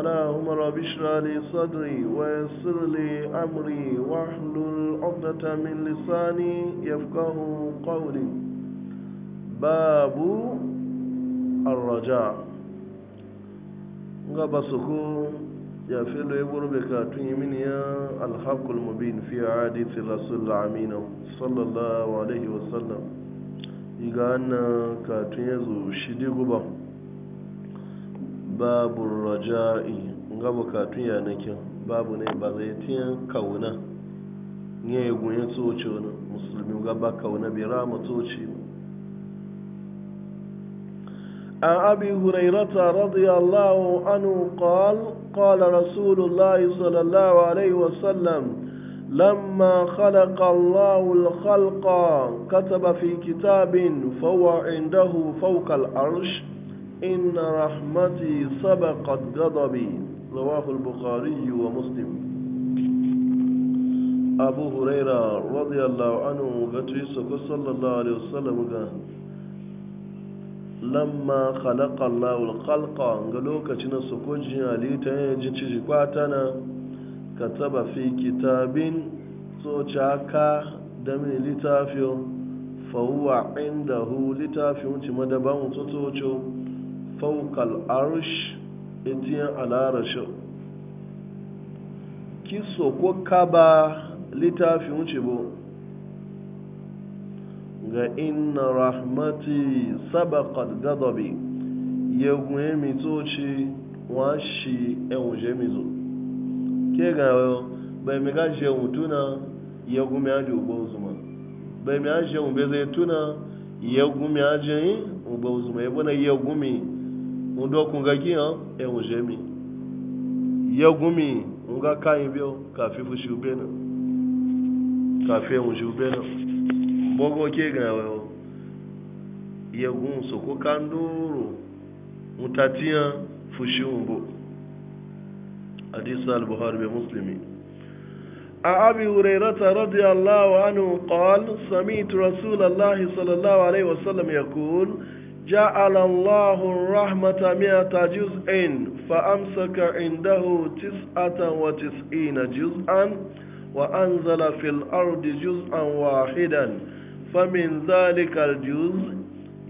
اللهم رب اشرح لي صدري ويسر لي امري واحلل عقدة من لساني يفقه قولي باب الرجاء ngaba suku ya filo ya burbe katun yimini ya alhaqul mubin fi hadith rasul amin sallallahu alaihi wasallam iga na katun ya guba babu raja'i ga bukatu yanakin babu ne ba zai tiyan kauna ne ya gunye tsoci wani musulmi gaba kauna bai rama tsoci عن أبي هريرة radiyallahu anu عنه قال قال رسول الله صلى لما خلق الله الخلق كتب في كتاب فهو عنده فوق العرش إن رحمتي سبقت غضبي رواه البخاري ومسلم أبو هريرة رضي الله عنه قتل صلى الله عليه وسلم قال lamma khalaqa Allahul khalqa ga lokacin da su kujin halitta ya ji ciji kwatana kataba fi kitabin so chaka da min litafiyo fa huwa indahu faukal arsh etiyan alarashi kiso ko kaba littafi wuce bo ga inna rahmati sabaqat yegun emi to ci wọn ṣi ṣe mi zo ke ga bẹẹmi ka ṣe ohun tuna yegun mi ajo ogbo ozuma bẹẹmi a ṣe ohun tuna yegun mi yegun mi ndo kunga kiyan ehun jemi yagumi nga kayin biyo kafi fushi na kafi ehun shi na bogo ke ga wayo yagun so ko kandoro mutatiya fushi umbo hadith al-bukhari bi muslimin أبي هريرة رضي الله عنه قال سمعت رسول الله صلى الله عليه وسلم يقول جعل الله الرحمة مئة جزء فأمسك عنده تسعة وتسعين جزءا وأنزل في الأرض جزءا واحدا فمن ذلك الجزء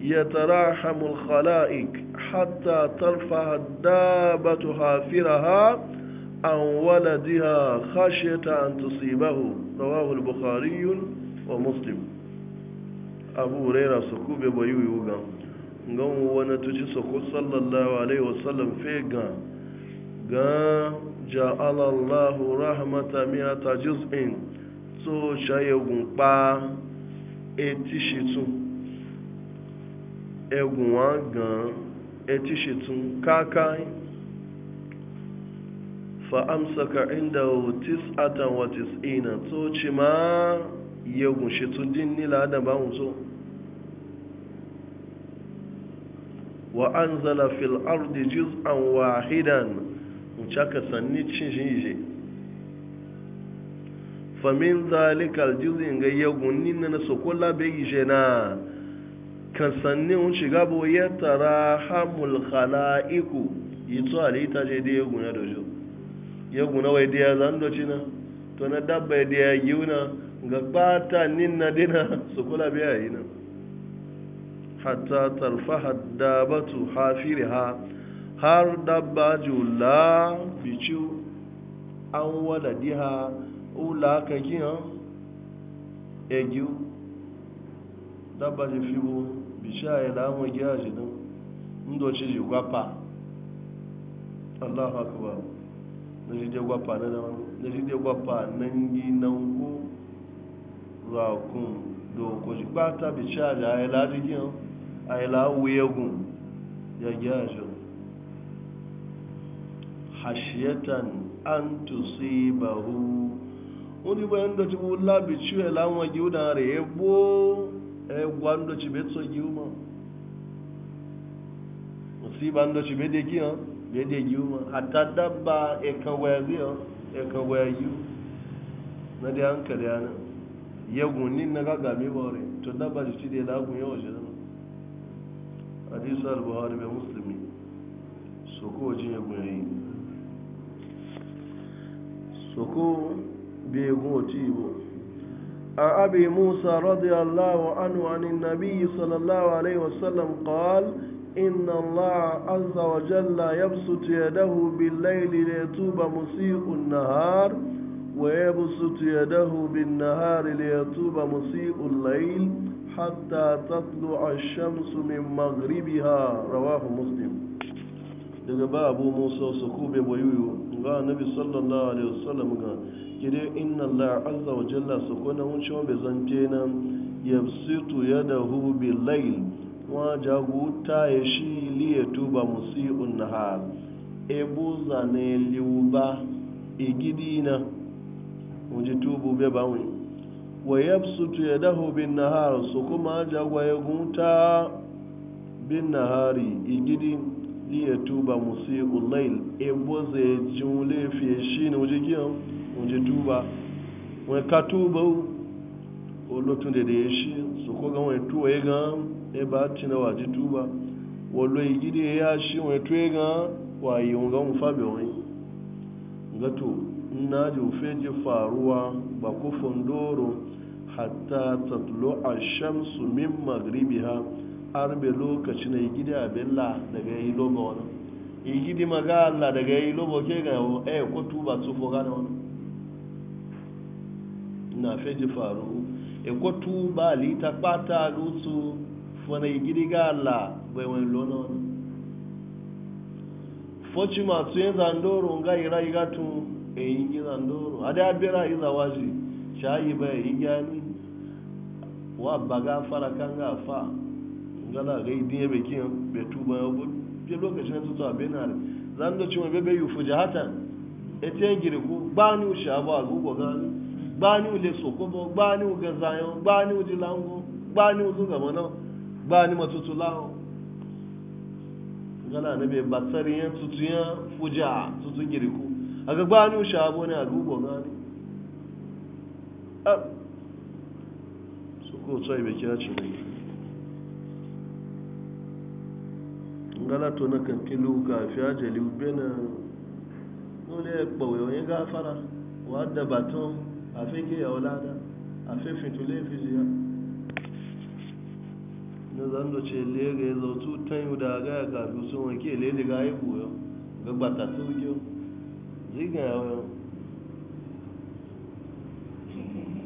يتراحم الخلائق حتى ترفع الدابة هافرها عن ولدها خشية أن تصيبه رواه البخاري ومسلم أبو هريرة سكوب ويويوغان gan wani tuci soko sallallahu alaihi wasallam fe gan gan ja'alallahu rahmata miyata juz'in tó ṣayẹgun pa etí ṣetún ẹgùn e wọn gan etí ṣetún káàkáì fa'amsaka inda otis atan watis ina tó ṣe máa yẹgùn ṣetún dín nílà adàbáhùn tó. So. wa anzala fil ardi juz'an wahidan mucaka sanni cin jinje famin zalikal juz'in ga yagun ninna na sokola bai jena kan sanni un shiga ya tara hamul khalaiku yito alita je da yagun da dojo yagun na wai da zan doci na to na dabba da yagun na ga bata na dina sokola bai yi na hatta talfaha dabatu hafiriha har dabba la ficu an waladiha ula ka giyan egiu dabba ji fibu bisha ya lamu giya ji nan ndoci ji gwapa allahu akbar na ji dai gwapa na daban na ji dai gwapa nan gi nan ku rakun dokoji gbata bisha ya lamu giyan ayila wuyegun ya gyajo hashiyatan an tusibahu wani bayan da ci wula bi ciwe lanwa giyu da re ebo egwa ndo ci betso giyu ma musiba ndo ci bede giyu bede giyu ma hatta dabba ekan waya giyu ekan waya giyu na dai hankali yana yagun ni na gagami ba re to daba ci ci da lagun yawa حديث البخاري ومسلم سكو musulmi soko سكو ya gbayayi عن أبي موسى رضي الله عنه عن النبي صلى الله عليه وسلم قال إن الله عز وجل يبسط يده بالليل ليتوب مسيء النهار ويبسط يده بالنهار ليتوب مسيء الليل hatta tatlu ash-shamsu min maghribiha rawahu muslim daga ba abu musa su kube bayuyu ga nabi sallallahu alaihi wasallam ga kide inna allah azza wa jalla su ko na wuce be zante na yabsitu yadahu bil layl wa jaguta ya shi li yatuba musii'un nahar ebu zane liuba igidina mu ji tubu be bawin wa yabsutu ya bin nahar su soko jagwa ya gunta bin nahari igidi liya tuba musiqul layl e boze jule fi shine uje kiyo uje tuba wa katuba o lotun de de shi su ko ga wani tuwa ya ga e ba tina wa ji tuba wolo igidi ya shi wani tuwa ga wa yi ga mu fabe wani gato nna ji ufe ji faruwa ba kufin hata tatlu'a ash sumin min ha arbe lokaci na igidi abella daga yi lobo wani igidi maga Allah daga yi lobo oke ga eh ko tuba su foga da wani na feji faru e ko tuba li ta pata lutsu fona igidi ga Allah bai wani lona wani foci masu yin zandoro nga ira igatu e yi zandoro ade abira iza waji shayi bai yi gani wa baga fara kan ga fa ngala gai diye be kin be tuba yo bu je lokacin su to abena zan do cima bebe yu fujahata ete ngire ku gbani u shaba gu go gani gbani u le soko bo gbani u gazayo gbani u dilango gbani u zunga mono gbani matutu lawo ngala ne be batsariyan tutuya fuja tutun ngire ku aga gbani u shabo ne agu go gani ko tsaye bai kira ci bai ngala to na kan kilu ka fi ajali bena nuna ya kpawai wani gafara wadda da baton a fi ke yawon lada a fi fitule fi ziya na zan ce lega ya zautu ta yi da gaya gafi sun wanke lega ya buwa ga bata sauki ziga yawon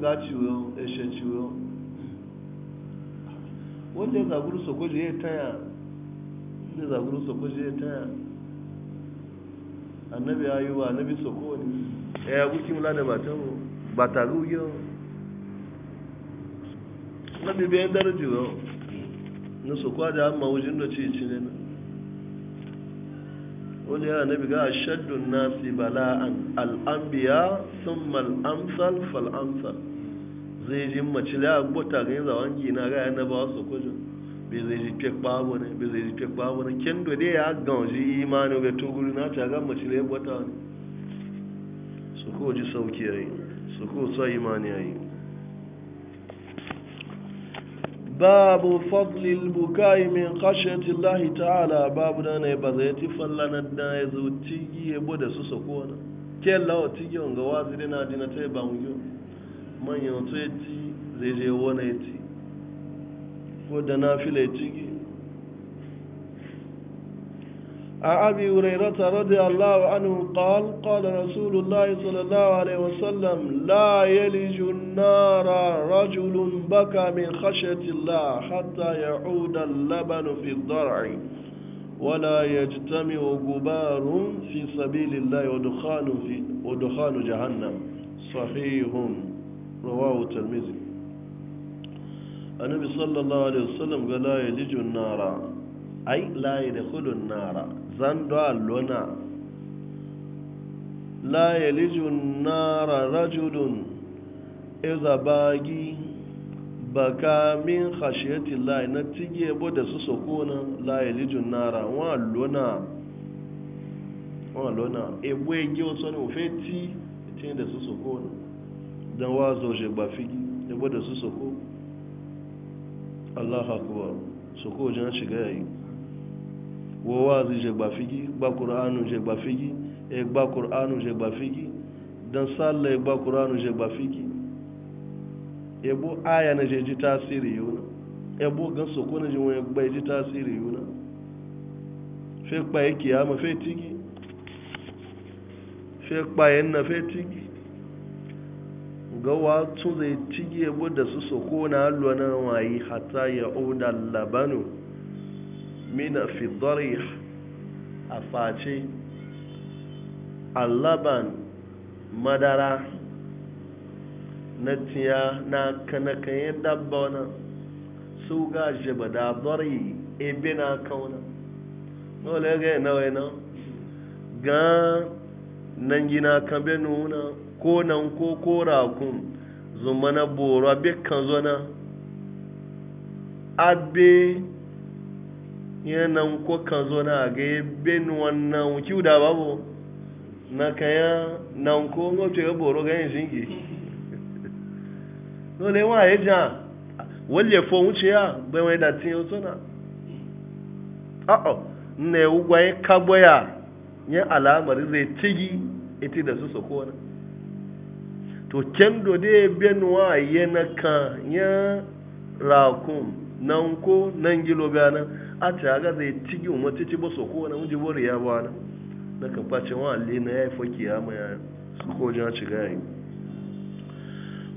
ga ciwo eshe ciwo wanda ya zaguru sokoji ya taya wanda ya zaguru sokoji ya taya annabi ayuwa annabi sokoni ya guki mula da batan bataru yau na bibiyar darajiyo na sokwa da amma wajen da ci ci ne na wani ya nabi ga shaddun nasi bala'an al'ambiya sun mal'amsal fal'amsal zai ji mace da agbota ga yin zawon gina ga yana ba su kujin bai zai ji fek babu ne bai zai ji fek babu ne ken dole ya gauji imanu bai tuguri na ta ga mace da ya gbota ne su ko ji sauki yi su ko sa imani ya yi. babu fadlil bukai min khashyati Allah ta'ala babu da ne ba zai ti fallana da ya tigi ya bude su sako na ke lawa tigi on ga wazire na dina tai ba mu manyan to ya zai je wona ya ti na fila ya عن أبي هريرة رضي الله عنه قال قال رسول الله صلى الله عليه وسلم لا يلج النار رجل بكى من خشية الله حتى يعود اللبن في الضرع ولا يجتمع غبار في سبيل الله ودخان في ودخان جهنم صحيح رواه الترمذي النبي صلى الله عليه وسلم قال لا يلج النار أي لا يدخل النار zando allona la yalijun nara rajulun iza baka min khashiyati llahi na tige da su sokona la yalijun nara wa allona wa allona ebo ege oso ni ofe ti ti da su sokona dan wa zo je gbafigi ebo da su soko Allah akbar soko jan shiga yayi wo wazi je gba figi gba qur'anu je gba figi e gba qur'anu je e gba dan sallah e qur'anu je gba figi e aya na je ji tasiri yuna e gan soko na je won e gba e ji tasiri yuna fe pa e kiyama fe tigi fe pa e na fe tigi ga wato zai tigi e dasu da su so na alwa na wayi hatta ya oda labanu mina fi darih a face allaban madara na tiya na kanakayen dabba wani su ga jiba da dori ebe na kauna dole ga na wani ga nan gina kambe nuna ko nan ko ko rakun zumana boro abe kan zona abe yanan ko kan zo na ga ben wannan kiu da babu na kaya nan ko ngoto ya boro ga yin jingi no le wa eja wole fo wuce ya bai wai da tin yoto na a a ne ugwa ya kabo ya ya alamar zai tigi ita da su soko na to kendo de ben wa yana kan ya rakum nan ko nan gilo bayanan a caga zai cigi wa macici ba so ko na miji bori ya ba na na kan face wa alli na ya yi faki ya maya ya su ko jina ci gaya yi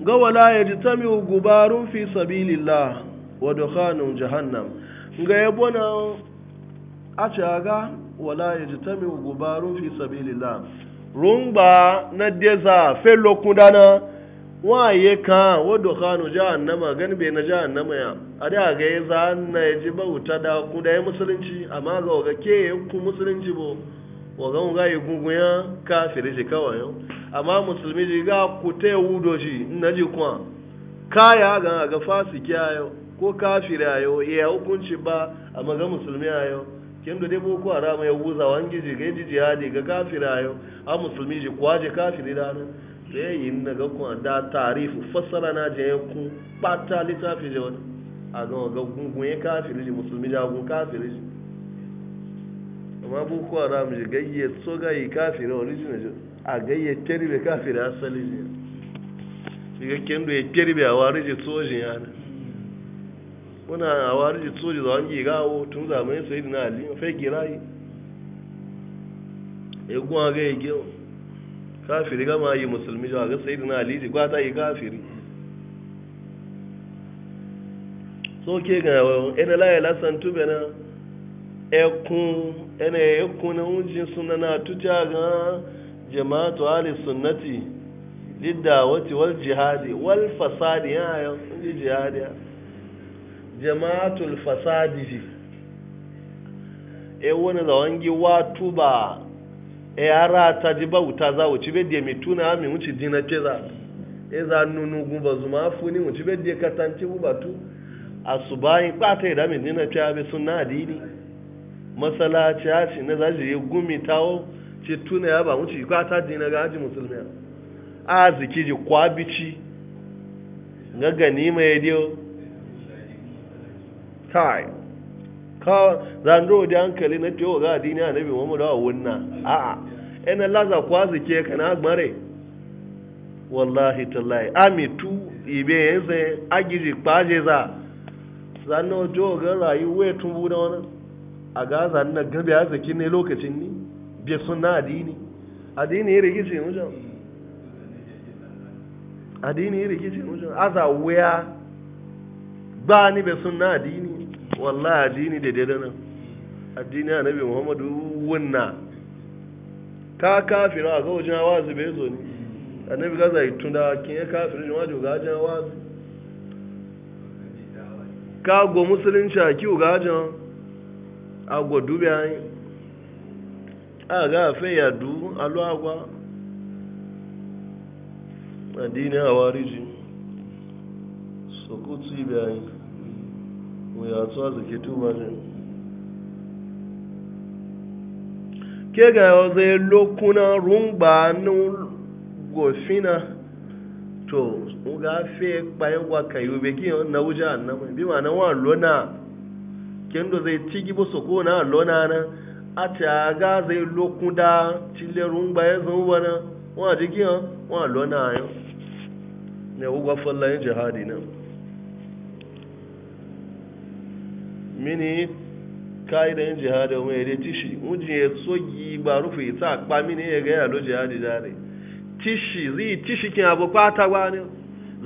ga wala ya ji tami gubarun fi sabilillah wa dukhanun jahannam ga yabo na a caga wala ya ji tami gubarun fi sabilillah rumba na deza fe lokudana waye ka wado kanu jahannama gan be na jahannama ya a da ga ya za na ya ji bauta da ku da ya musulunci amma ga ga ke ku musulunci bo wa ga ga ya gungun ya kafiri shi kawai yau amma musulmi ji ga ku te wudo ji na ji ka ya ga ga fasiki ayo ko kafiri ayo ya hukunci ba amma ga musulmi ayo kin da dai boko haram ya wuza wangi ji ga ji jihadi ga kafiri ayo a musulmi ji kwaje kafiri da nan to yayin na ga kuma da tarifu fassara na je ku bata a ga gungun ya kafiri ji musulmi ja gun kafiri ji amma boko haram ji gayye so gayi ji a gayye teribe kafiri asali ji diga ya teribe a wari ji soji ya ne muna a tun kafiri gama yi musulmi ga sayyidina ali ji ta yi kafiri so ke ga ina la ya lasan tube na ekun ene ekun na unjin sunna na tuta ga jama'atu ali sunnati lidawati wal jihadi wal fasadi ya ya unji jihadi jama'atul fasadi ji e wani wa tuba. e ara ta ji bauta za wuci be de mituna mi wuci dina ce za e za nunu ba zuma funi wuci be de katanci gubatu asubahin kwata ya dami dina ce abe sunna adini ce ya ci na zaji ya gumi tawo ce tuna ya ba wuci kwata dina ga ji musulmi a ziki ji kwabici ga ganima ya diyo time ka zando di hankali na tewa ga dini annabi Muhammadu a wunna a ina laza kwazi ke kana gbare wallahi tallahi amitu ibe yeze agiri kwaje za zanno jo ga rayuwa tun bu da wani a ga zanna gabe arziki ne lokacin ni bi suna adini adini ya rigice mujan adini ya rigice mujan aza wuya ba ni be adini wallah addini da daidai nan addini annabi muhammadu wunna ka kafira a ga wajen wazi bai zo ni annabi ga zai tunda kin ya kafira jima wajo ga wajen wazi ka go musulunci a kiwo ga wajen a go dubi an a ga fe ya du alu agwa addini a wariji sokotu ibe anyi mai yatsuwa zake tuba ne ke ga zai lokuna rumba nun gofina to ga fe bayan wa kayu be na wuja annama bi ma na wa lona kendo zai tigi bo soko na lona na ti aga zai lokuda tile rumba ya zo bana wa digi wa lona ayo ne ugwa falla jihadi na mini ka'idan jihadi wa ya tishi mujin ya e tsogi ba rufe ta akpa mini e ya ga yalo jihadi dare tishi zi tishi kin abu fata ba ne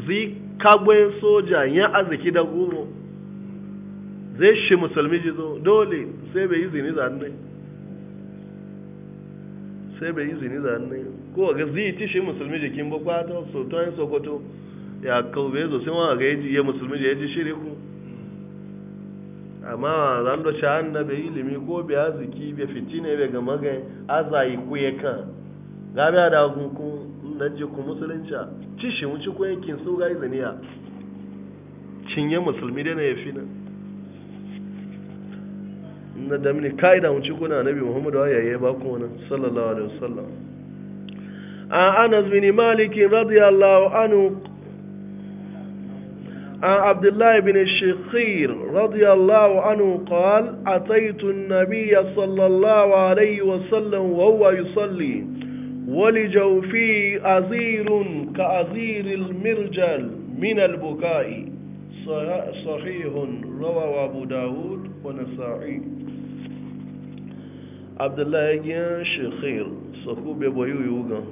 zi kagbe soja ya arziki da goro zai shi musulmi ji zo dole sai bai yi zini zanne sai bai yi zanne ko ga zi tishi musulmi jikin bukwata sotoyin sokoto ya kaube zo sai wani ga e ya musulmi ji ya ji shiri ku amma zan da ci annabi ilimi ko bi arziki bi fitine bi ga magan azayi ku ya kan ga bi da ku nan je ku musulunci ci shi mu ci yankin su ga izaniya cinye musulmi da na yafi nan na da mini kaida mu ci na nabi Muhammadu wa yaye ba ku wannan sallallahu alaihi wasallam an Anas bin Malik radiyallahu anhu عن عبد الله بن الشقير رضي الله عنه قال أتيت النبي صلى الله عليه وسلم وهو يصلي ولجوفي أزير كأزير المرجل من البكاء صحيح روى أبو داود ونسائي عبد الله بن الشقير صحوب بيويوغا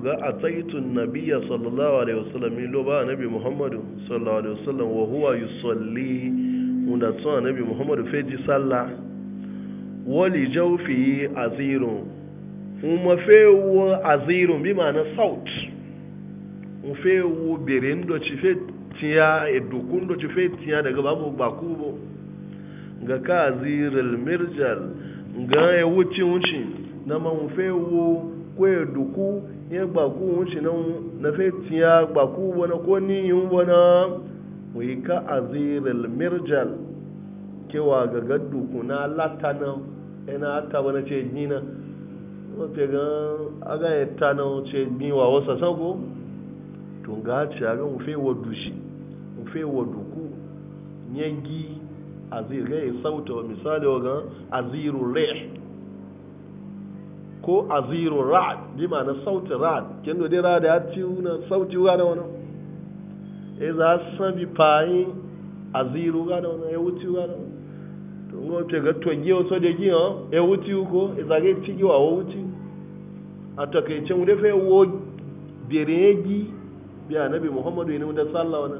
ga ataitun nabiya sallallahu alaihi wasallam ilo ba nabi muhammadu sallallahu alaihi wasallam wa huwa yusalli wanda tsohon nabi muhammadu feji salla wali jaufi azirun ma fewo azirun bi ma na south ma fewo berin do ci fe tiya edukun do ci fe tiya daga babu bakubo ga ka azirul mirjal ga ya wuce wuce na ma ma kwaye duku ya gbaku wunci na fetiya gbaku wani ko niyin wani wai ka aziril mirjal kewa ga gadduku na latana yana e ta wani ce nina wafe ga aga ya e tana ce niwa wasa sako tun ga ci aga mufe wa dushi mufe wa duku nyegi gi ga e ya sauta misali wa ga azirul rih ko azirun ra'ad bi ma'ana sautin ra'ad kin dai ra'ad ya ci na sauti ga da wani e za san bi fayi aziru ga da wani ya wuci ga da wani to ngo te ga to gi o so de gi o e wuci ko e za ga ci gi wa wuci ata kai cin de fe wo bere bi annabi muhammadu ne da sallallahu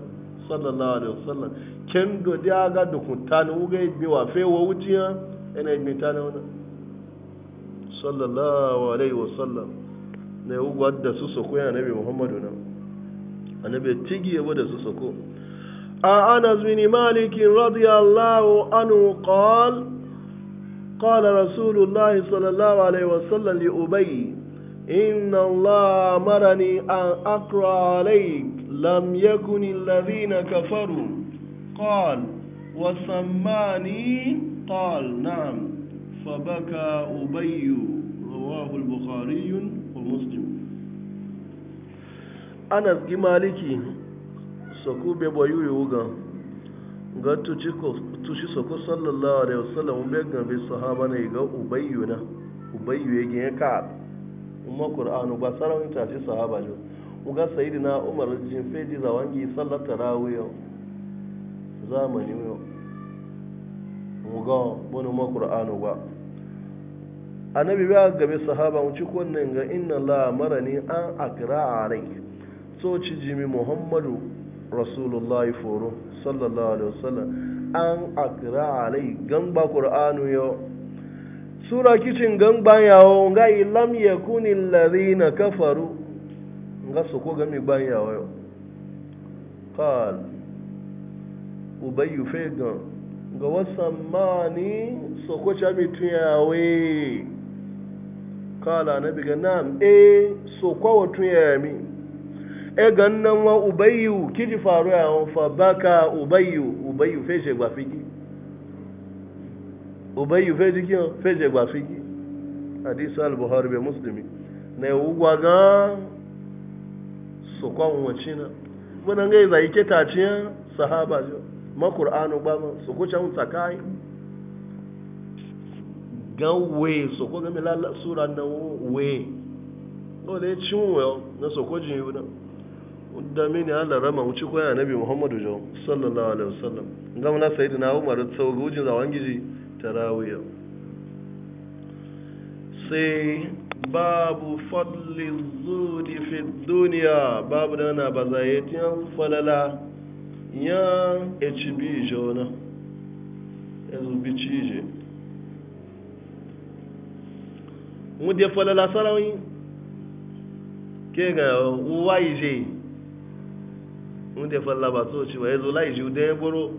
sallallahu alaihi wasallam kin do da ga dukun tanu ga bi wa fe wo wuci ya ina mi tanu sallallahu alaihi wasallam na yau wadda su soko ya nabi muhammadu na annabi tigi ya wadda su soko a anas bin malik radiyallahu anhu qal قال رسول الله صلى الله عليه وسلم لأبي إن الله أمرني أن أقرأ عليك لم يكن الذين كفروا قال وسماني قال نعم فبكى أبي رواه البخاري ومسلم في جمالكي سكو بيبويو يوغا ga tushi soko sallallahu alaihi wasallam bai gambe sahaba ne ga ubayyu na ubayyu ya gina ka umma qur'anu ba sarawin ta ce sahaba jo uga sayyidina umar jin feji zawangi sallar tarawih zamani mu ga wani ma ba annabi ba gabe sahaba ci wannan ga inna la marani an akra alai so ci jimi muhammadu rasulullah foro sallallahu alaihi wasallam an akra alai ba qur'anu yo sura kicin gamba yawo ga lam yakuni alladhina kafaru ga su ko ga mi ban yawo yo qal ubayyu fega ga wasan mani so ko cha mi tuyawe kala na biga nam eh, e so kwawa tun ya yami e gannan wa ubayyu kiji faru ya hon fa baka ubayyu ubayyu feje gba figi ubayyu feje ki feje gba figi hadis al buhari be muslimi na ugwa ga so China wacina wannan ga zai ke taciya sahaba jo ma qur'anu ba ma so ko can tsakai gan we so ko gami la sura na we ko le cin we na so ko jin yuna da mini Allah rama mu ci ko ya nabi Muhammadu jo sallallahu alaihi wasallam ngam na sayyidina Umar so gujin zawan wangiji tarawiya sai babu fadli zuri fi duniya babu da na ba zai falala ya hb jona yanzu bi je mu de falala sarawi ke ga uwa ije mu de falala ba so ci wa yazo la ije de boro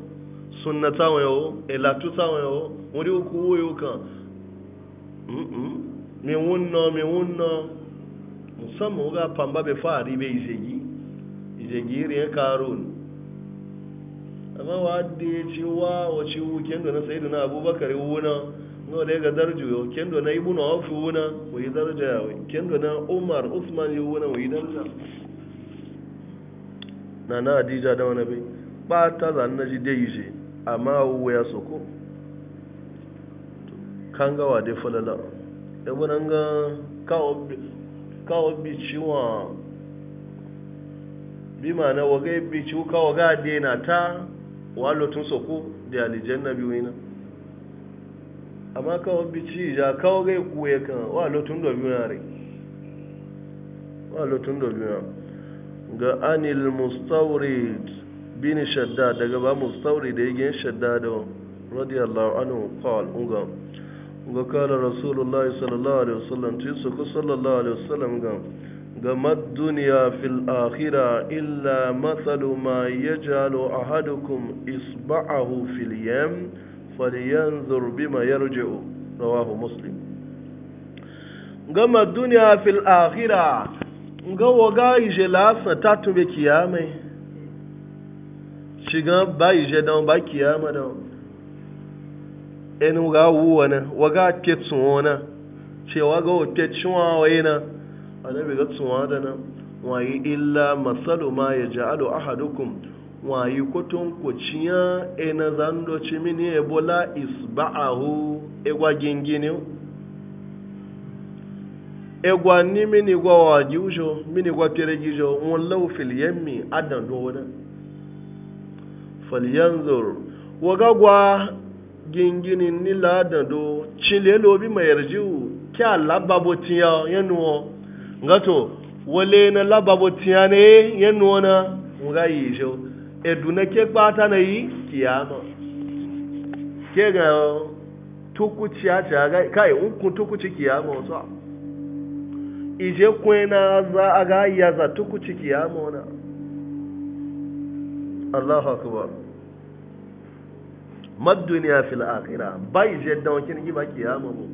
sunna tawon yo ela tu tawon yo wori ku wo yo kan mm mi wunno mi wunno musamman ga pamba be fari be isegi isegi ri e karun amma wa de ci wa o ci wuken da na sayyidina abubakar wuna no da ga darju yo kendo na ibnu wafi wuna wa yi darja ya kendo na umar usman yi wuna wa yi darja na na adija da wani bai ba ta zanna ji dai je amma ya soko kan gawa dai falala yabo nan ga kawo bi ciwa bi ma na waga bi ciwo kawo ga dai na ta walotun soko da alijanna biyu na amma kawai bici ya kawo gai kuwa kan wa lotun da biyu wa lotun da ga anil mustawrid bin shadda daga ba mustawrid da gina shadda da radiyallahu anhu qal unga unga kala rasulullahi sallallahu alaihi wasallam ti su ku sallallahu alaihi wasallam ga gama duniya fil akhira illa mathalu ma yaj'alu ahadukum isba'ahu fil yam falyanzur bima yarji'u rawahu muslim gama duniya fil akhira ga waga ije lasa ta tube kiyama shiga ba ije dan ba ga wuwa na waga ke tsuwona cewa ga wote ciwa wayna annabi ga tsuwa da nan wa illa masalu ma yaj'alu ahadukum wayi kotun kuciya e na zando cimini ebola isba'ahu egwa gingini egwa ni mini gwa waji ujo mini gwa pere gijo won law fil yammi adan do wona falyanzur waga gwa gingini ni ladan do chile lobi mayarjiu kya lababo tiya yenuo ngato wale na lababo tiya ne yenuo na ngai jo eduna ke kpata na yi kiyama ke ga tukuci ya ce ga kai ukun tukuci kiyama wasu ije kwena za a ga ya za tukuci kiyama wana Allahu akbar mad duniya fil akhirah bai je dan kin ki ba kiyama mu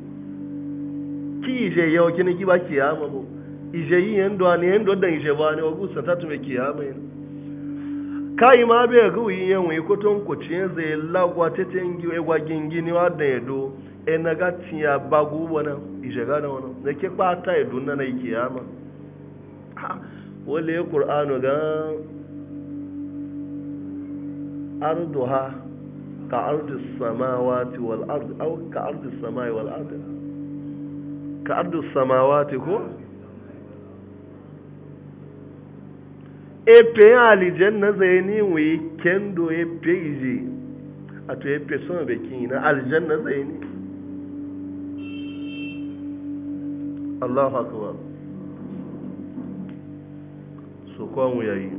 ki je yau kin ki ba kiyama mu ije yi endo ne endo dan ije ba ne ogu satatu me kiyama ne kai ma be ga wi yen wi ko ton ko chi ze la gwa tetengi e gwa gingini wa de do e na ga ti ya bagu wona ije ga na wona ne ke pa ta e dun na na kiyama ha wale qur'anu ga arduha ka ardu samawati wal ard aw ka ardu samai wal ard ka ardu samawati ko epe alijanna zaini wi kendo epe iji ato epe beki na Allahu akbar so yayi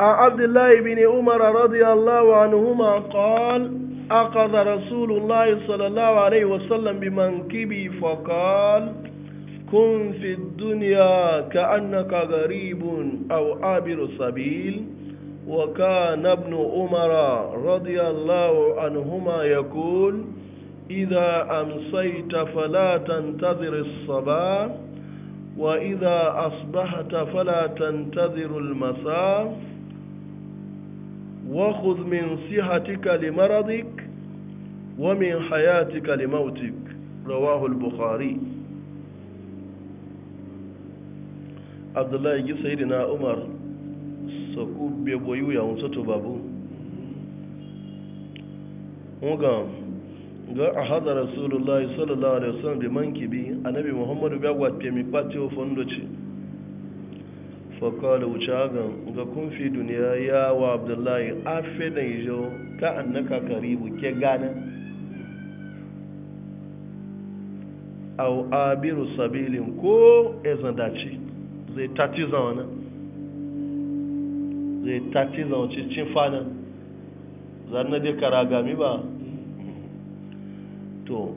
عن عبد الله بن عمر رضي الله عنهما قال أخذ رسول الله صلى الله عليه وسلم بمنكبي فقال كن في الدنيا كأنك غريب أو عابر سبيل وكان ابن عمر رضي الله عنهما يقول إذا أمسيت فلا تنتظر الصباح وإذا أصبحت فلا تنتظر المساء وخذ من صحتك لمرضك ومن حياتك لموتك رواه البخاري عبد الله يجي سيدنا عمر سكو بيبويو يا ونسطو بابو وقام ga a hada rasulullahi sallallahu alaihi wasallam bi mankibi annabi muhammadu ga wafe mi kwace ofon doce fakala wuce hagan ga kunfi duniya ya wa abdullahi afe da ijo ka annaka karibu ke gana au abiru sabilin ko ezan dace zai tati zaune zai tati zaune cin fana zanna dai karagami ba to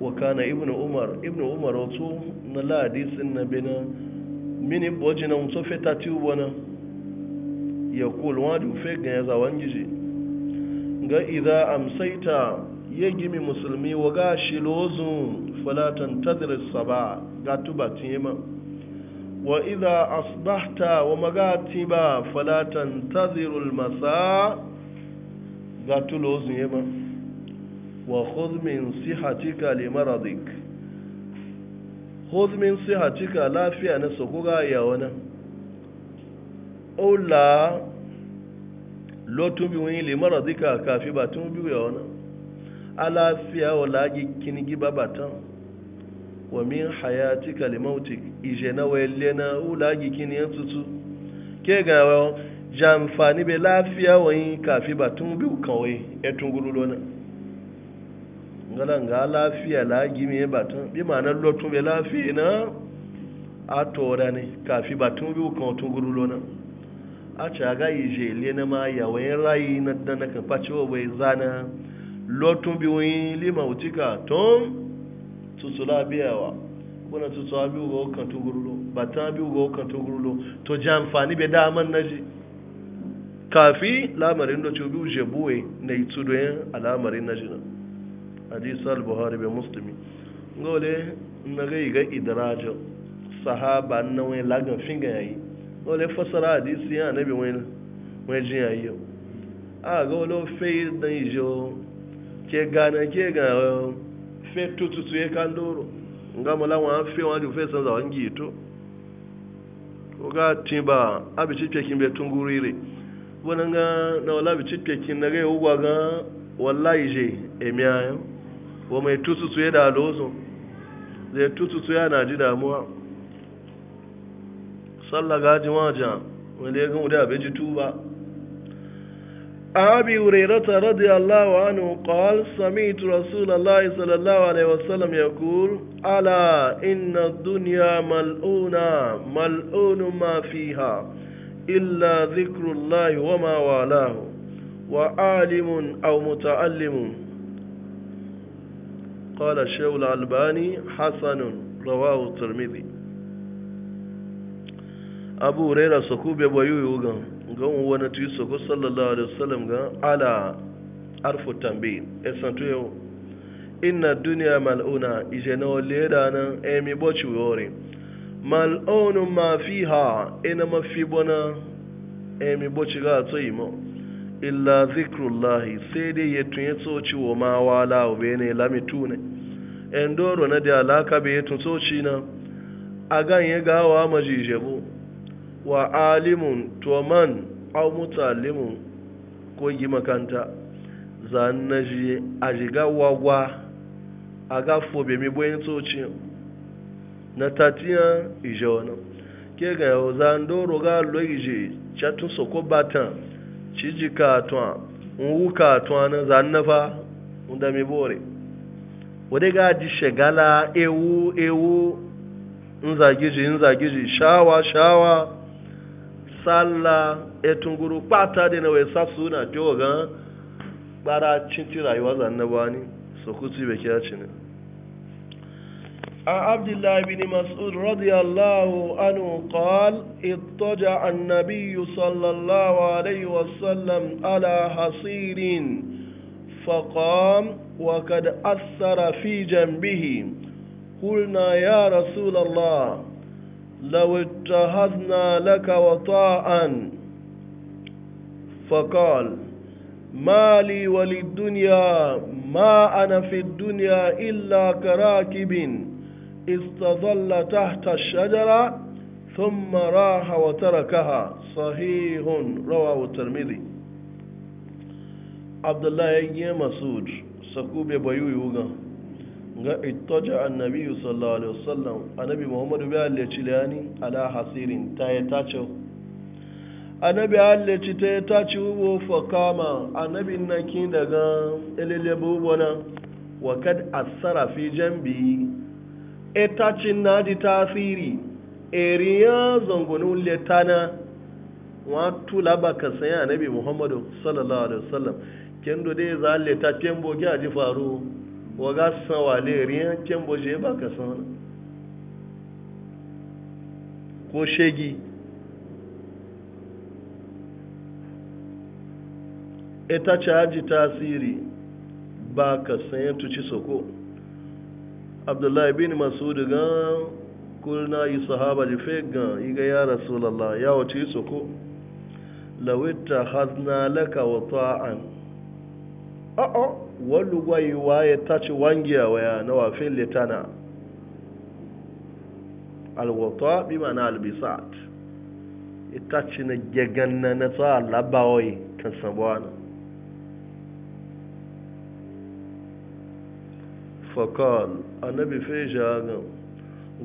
wakana ibn umar ibn umar wato na ladisin na bina mini boji na mutu fe tati ubana ya kulwa da fe ga ya zawon gizi ga idan amsaita ya gimi musulmi wa ga shi lozun falatan tadris saba ga tuba tima wa idha asbahta wa magatiba falatan tadirul masa ga tu lozun yema wa khudh min sihatika li maradik khudh min sihatika lafiya na sokuga ya wana ola lotu bi wani li maradika kafi ba tun biyu ya wana alafiya wa lagi kinigi babatan wa min hayati kalimauti ije na wele na u lagi kini yan tutu ke ga wa jamfani be lafiya wa yin kafi batun biyu kawai ya tunguru lona ngala nga lafiya lagi me batun bi ma'anar lotun be lafiya na a tora ne kafi batun biyu kan tunguru lona a ga ije le na ma yawayin rayi na dana kan facewa bai zana lọ́tún bí òtíkà tó ń tutù lábíyàwá wọ́n na tutù abí wọ́n kan tó gúrú lọ bàtà abí wọ́n kan tó gúrú lọ tó jẹ́ àǹfààní bẹ dáàmà náà kàfí lámàrin lọ́tún bí na ìtúdó yẹn al-buhari bẹ muslimi ngole na ga yi sahaba na lagan finga yayi ngole fasara ya nabi wani a ke na ke ga fe tututu e kan doro nga mala wa fe wa ju fe san za wangi to oga timba abi chipe kimbe tungurire nga na wala bi chipe kin na ga ugwa ga wallahi je emiayo wa mai tututu ye da lozo zai tututu ya na ji damuwa sallah gajin wajen wanda ya gan uda bai ji tuba abi hurairata radiyallahu anhu qaal samitu rasulallahi sallallahu alaihi wasallam yaqul ala inna dunya mal'una mal'unu ma fiha illa dhikrullahi wa walahu wa alimun aw muta'allimun qala shaykhul albani hasanun rawahu tirmidhi abu hurairah sokube boyu yugan gan wani tu soko sallallahu alaihi wasallam gan ala arfu tambi esan tu yau inna duniya mal'una ije na wale da nan emi boci wori mal'unu ma e fi ha ina fi bona emi boci ga to yi mo illa zikrullahi sai dai ya tunye tsoci wa ma wala obe ne lamitu ne endoro na da alaka bai tun tsoci na a gan ya gawa majijebu wa alimun to man au mutalimun ko yi makanta za na ji a jiga wagwa a ga fobe mi boyin tsoci na tatiya ije wani ke ga yau za ndoro lo ije chatun soko batan ciji katwa nwu katwa na za na fa unda mi bore wadai ga ji shagala ewu ewu nzagiji nzagiji shawa shawa sallah etunguru pata de na wai sasu na bara cinci rayuwa zannabawa ne su kuci be kira ci عن عبد الله بن مسعود رضي الله عنه قال اضطجع النبي صلى الله عليه وسلم على حصير فقام وقد أثر في جنبه قلنا يا رسول الله لو اتخذنا لك وطاء فقال ما لي وللدنيا ما أنا في الدنيا إلا كراكب استظل تحت الشجرة ثم راح وتركها صحيح رواه الترمذي عبد الله يا مسعود سكوب يبيو يوغا ga ittaja annabi sallallahu alaihi wasallam annabi muhammadu bai hallaci liyani ala hasirin ta yi tace annabi hallaci ta yi tace ubo fa annabi na kin daga ilele bubona wa kad asara fi jambi e tacin na di tasiri eriya zangonun letana wa tula ba ka sayan annabi muhammadu sallallahu alaihi wasallam kendo dai za leta tembo a ji faru waga sawale riyan kembo je ba ka sana ko shegi ita caji tasiri ba ka sanya tuci soko abdullahi bin masudu gan kulna yi sahaba da fegan iga ya rasulallah ya wace soko lawita hazna laka wa ta'an uh walugwai waye ta ci wangiya waya na wafin litana alwata bi mana albisat ita tace na geganna na ta labawai kan sabuwa na fakal annabi feja ga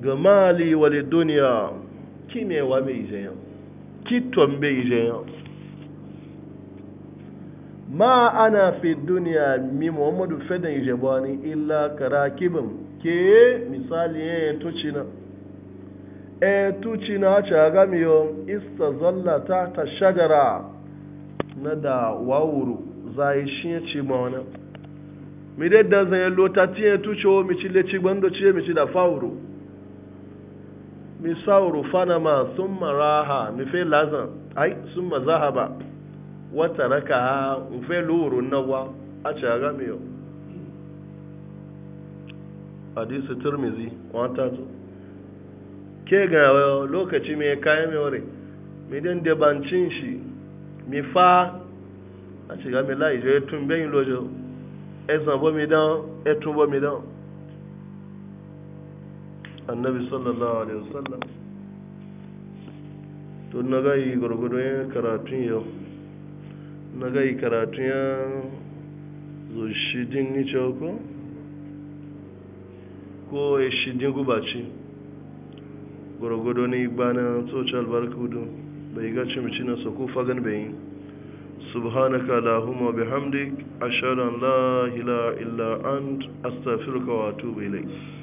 ga mali wali duniya ki mewa mai izayen ki tombe izayen ma ana fi duniya mi muhammadu fedan jabani illa karakibin ke misali ya na e tucina ca gamiyo ista zalla ta ta shagara na da wawuru yi shi ya ci ma wani mi dai da zai lota tuci o mi ci leci gbando ya mi ci da fawuru mi sauru fana ma sun maraha mi fe lazan ai sun ma zahaba wata raka ha mfe luru nnawa a ci agha miyo hadisi turmizi wata zo ke ga lokaci mai kayan mai ware midan da bancin shi mi fa a ci gami la e tun etun bayin lojo e sanbo mi dan etun bo mi dan annabi sallallahu alaihi wasallam to na ga yi gurgudu karatun yau na yi karatu ya zo shidin nice ko ko ya shidin gubaci gwargwado ne ba na tsoci albarka hudu bai gaci mace na sako fagan bayin subhanaka lahumma bihamdik ashhadu an la ilaha illa ant astaghfiruka wa atubu